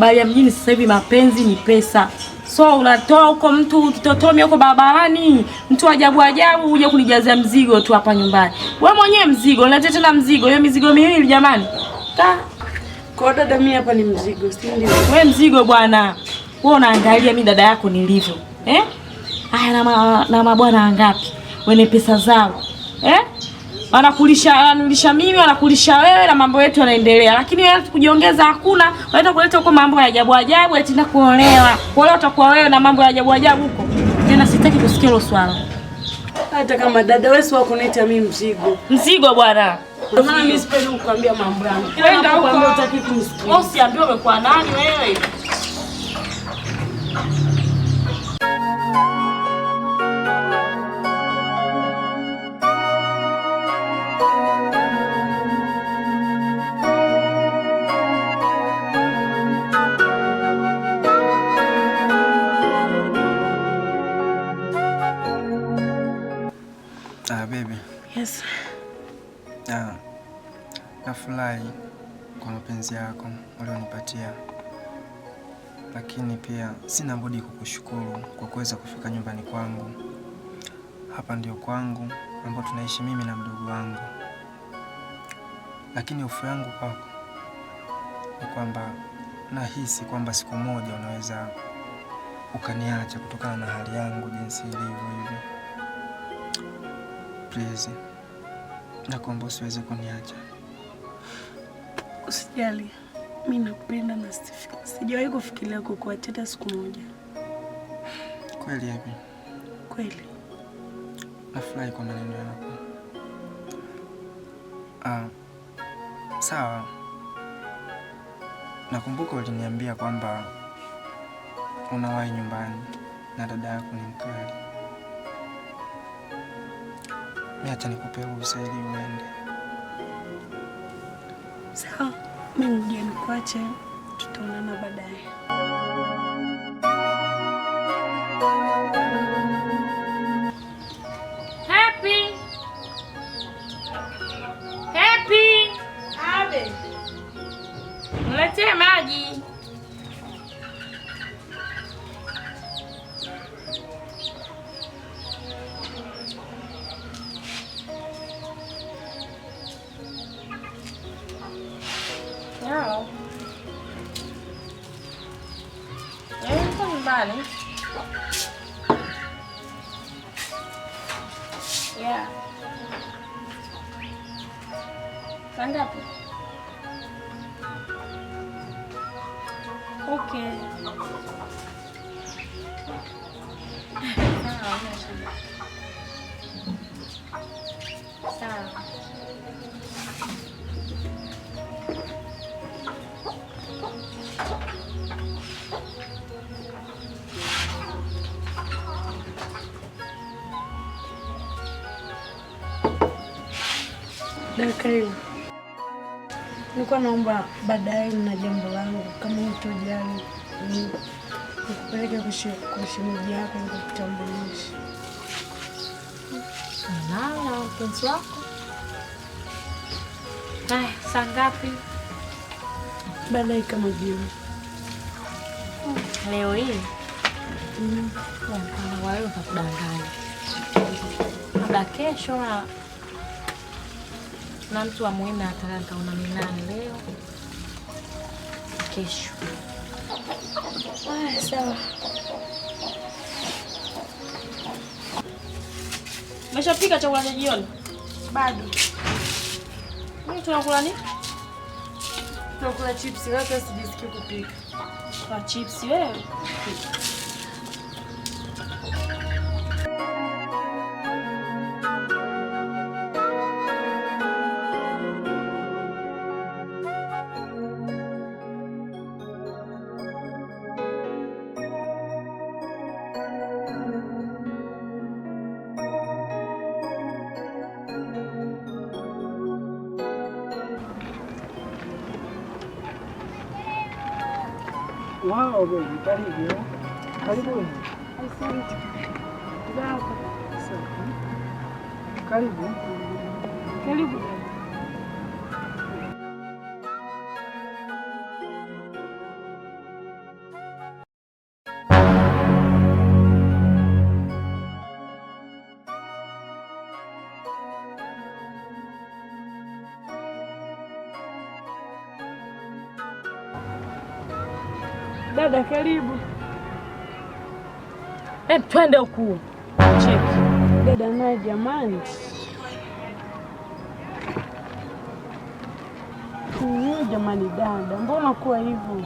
habari ya mjini sasa hivi mapenzi ni pesa. So unatoa huko mtu kitotomi huko barabarani, mtu ajabu ajabu uje kunijazia mzigo tu hapa nyumbani. Wewe mwenyewe mzigo, unaleta tena mzigo, hiyo mizigo miwili jamani. Ta. Kwa dada mimi hapa ni mzigo, si ndio? Wewe mzigo bwana. Wewe unaangalia mimi dada yako nilivyo. Eh? Aya na ma, na mabwana wangapi? wene pesa zao. Eh? anakulisha anulisha mimi anakulisha wewe, na mambo yetu yanaendelea, lakini wewe kujiongeza hakuna. Unaenda kuleta huko mambo ya ajabu ajabu, eti na kuolewa kuolewa, utakuwa wewe na mambo ya ajabu ajabu huko. Tena sitaki kusikia hilo swala, hata kama dada wewe sio kuniita mimi mzigo, mzigo bwana. Kwa maana mimi sipendi kukuambia mambo yangu, wewe ndio uko, usiambiwe umekuwa nani wewe. Nafurahi kwa mapenzi yako ulionipatia, lakini pia sina budi kukushukuru kwa kuweza kufika nyumbani kwangu. Hapa ndio kwangu ambao tunaishi mimi na mdogo wangu, lakini hofu yangu kwako ni kwamba nahisi kwamba siku moja unaweza ukaniacha kutokana na hali yangu jinsi ilivyo hivi. Please, nakuomba usiweze kuniacha. Usijali, mi nakupenda na sijawahi kufikiria kukuacha hata siku moja. Kweli Abi? Kweli. Nafurahi kwa maneno yako. Ah, sawa. Nakumbuka uliniambia kwamba unawahi nyumbani na dada yako ni mkali. Mimi acha nikupe ruhusa ili uende. Sawa, mimi nijie nikuache, tutaonana baadaye. how. Meron pang balance. Yeah. Dakaila, nilikuwa naomba baadaye, na jambo langu, kama utojali nikupeleke kwa shemeji yako nikutambulishe. Nana mpenzi wako. Haya, saa ngapi? Baadaye kama jioni. Leo hii mm-hmm. kudanganya, labda kesho na mtu wa muhimu atalala, nikaona ni leo kesho. Haya, sawa. Umeshapika chakula cha jioni? Bado. Mimi tunakula nini? Tunakula chips, Sasa sijisikii kupika. Kwa chips wewe? Uau, baby, tá ali, viu? Né? Tá ali, boi. Cuidado. Caribu. Caribu. Dada karibu. Hebu twende huku. Cheki. Dada naye jamani. Hiyo jamani, dada, mbona kuwa hivyo?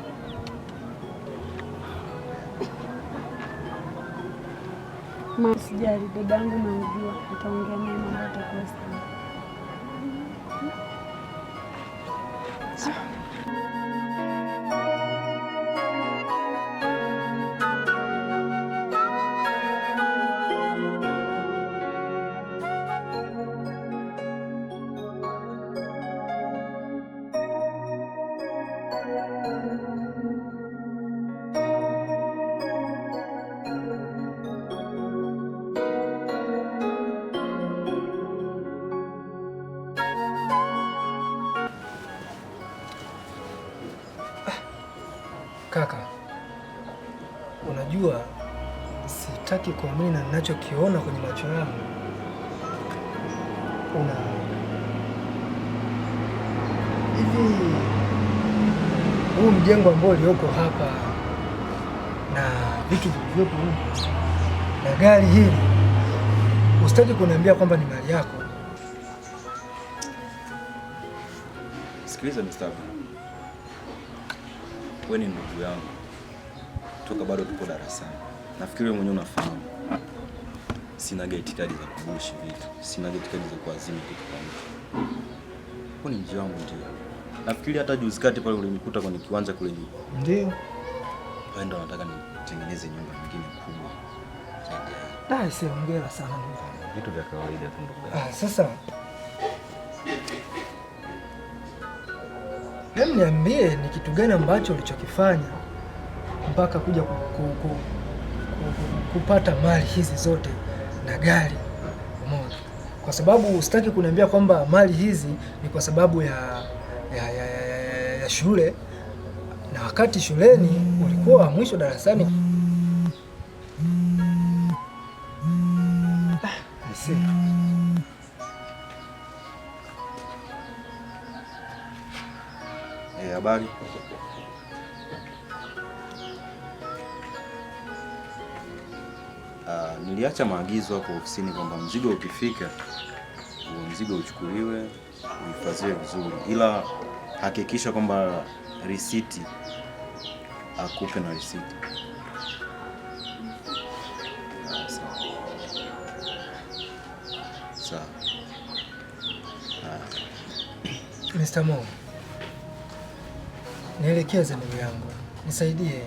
masijari dadangu, namjua ataongea naye mambo yatakuwa sawa. Ah. Kaka, unajua sitaki kuamini na ninachokiona kwenye macho yangu. Una hivi huu mjengo ambao ulioko hapa na vitu vilivyopo huko na gari hili, usitaki kuniambia kwamba ni mali yako. Sikiliza Mustafa, wewe ni ndugu yangu toka bado tuko darasani, nafikiri wewe mwenyewe unafahamu sinaga itikadi za kubushi vitu, sinaga itikadi za kuazima kitu kwa mtu. Huu ni mji wangu ndio Nafikiri hata juzi kati pale ulinikuta kwenye kiwanja kule juu. Ndio. Wewe nataka nitengeneze nyumba nyingine kubwa. Da, sasa ongea sana. Vitu vya kawaida tu ndugu. Ah, sasa. Hem, niambie ni kitu gani ambacho ulichokifanya mpaka kuja ku, ku, ku, ku, kupata mali hizi zote na gari moja? Kwa sababu usitaki kuniambia kwamba mali hizi ni kwa sababu ya ya shule, na wakati shuleni ulikuwa wa mwisho darasani. Eh, habari ah, niliacha maagizo hapo ofisini kwamba mzigo ukifika, huo mzigo uchukuliwe uhifadhiwe vizuri, ila hakikisha kwamba risiti akupe na risiti. Mr. Mo, nielekeze ndugu yangu, nisaidie.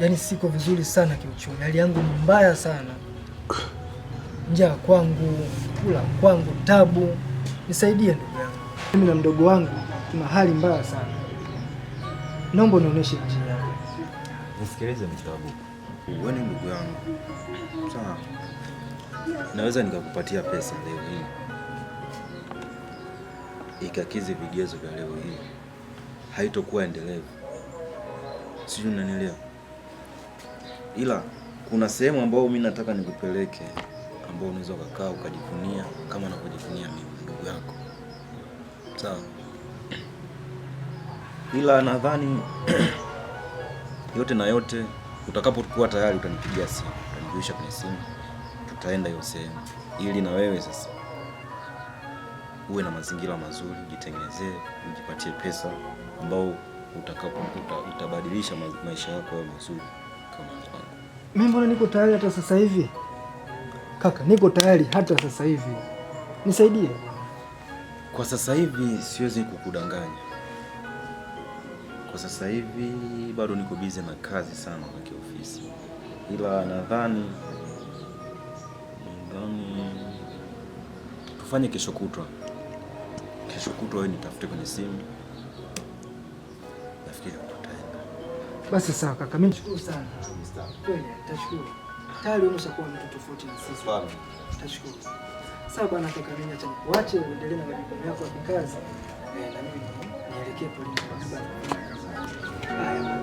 Yaani siko vizuri sana kiuchumi, hali yangu ni mbaya sana, njaa kwangu, kula kwangu tabu. Nisaidie ndugu yangu, mimi na mdogo wangu tuna hali mbaya sana, naomba unionyeshe njia. Nisikilize mtabu, wewe ni ndugu yangu, sawa? Naweza nikakupatia pesa leo hii ikakizi vigezo vya leo hii, haitokuwa endelevu, sijui unanielewa, ila kuna sehemu ambayo mimi nataka nikupeleke, ambayo unaweza ukakaa ukajivunia kama navyojivunia mimi ndugu yako, sawa. Ila nadhani yote na yote, utakapokuwa tayari utanipigia simu, utanijulisha kwenye simu, tutaenda hiyo sehemu, ili na wewe sasa uwe na mazingira mazuri, jitengenezee, ujipatie pesa ambao utakapo uta, utabadilisha maisha yako yawe mazuri kama yangu. Mimi mbona niko tayari hata sasa hivi kaka, niko tayari hata sasa hivi, nisaidie. Kwa sasa hivi siwezi kukudanganya, kwa sasa hivi bado niko bize na kazi sana za kiofisi, ila nadhani nadhani tufanye kesho kutwa. Kesho kutwa wewe nitafute kwenye simu, nafikiri tutaenda. Basi sawa kaka, mimi nashukuru sana. Kweli nitashukuru. Tayari umeshakuwa mtu tofauti na sisi. Tashukuru. Sawa bwana kaka, mimi acha nikuache uendelee na majukumu yako ya kazi, eh, na mimi nielekee polini.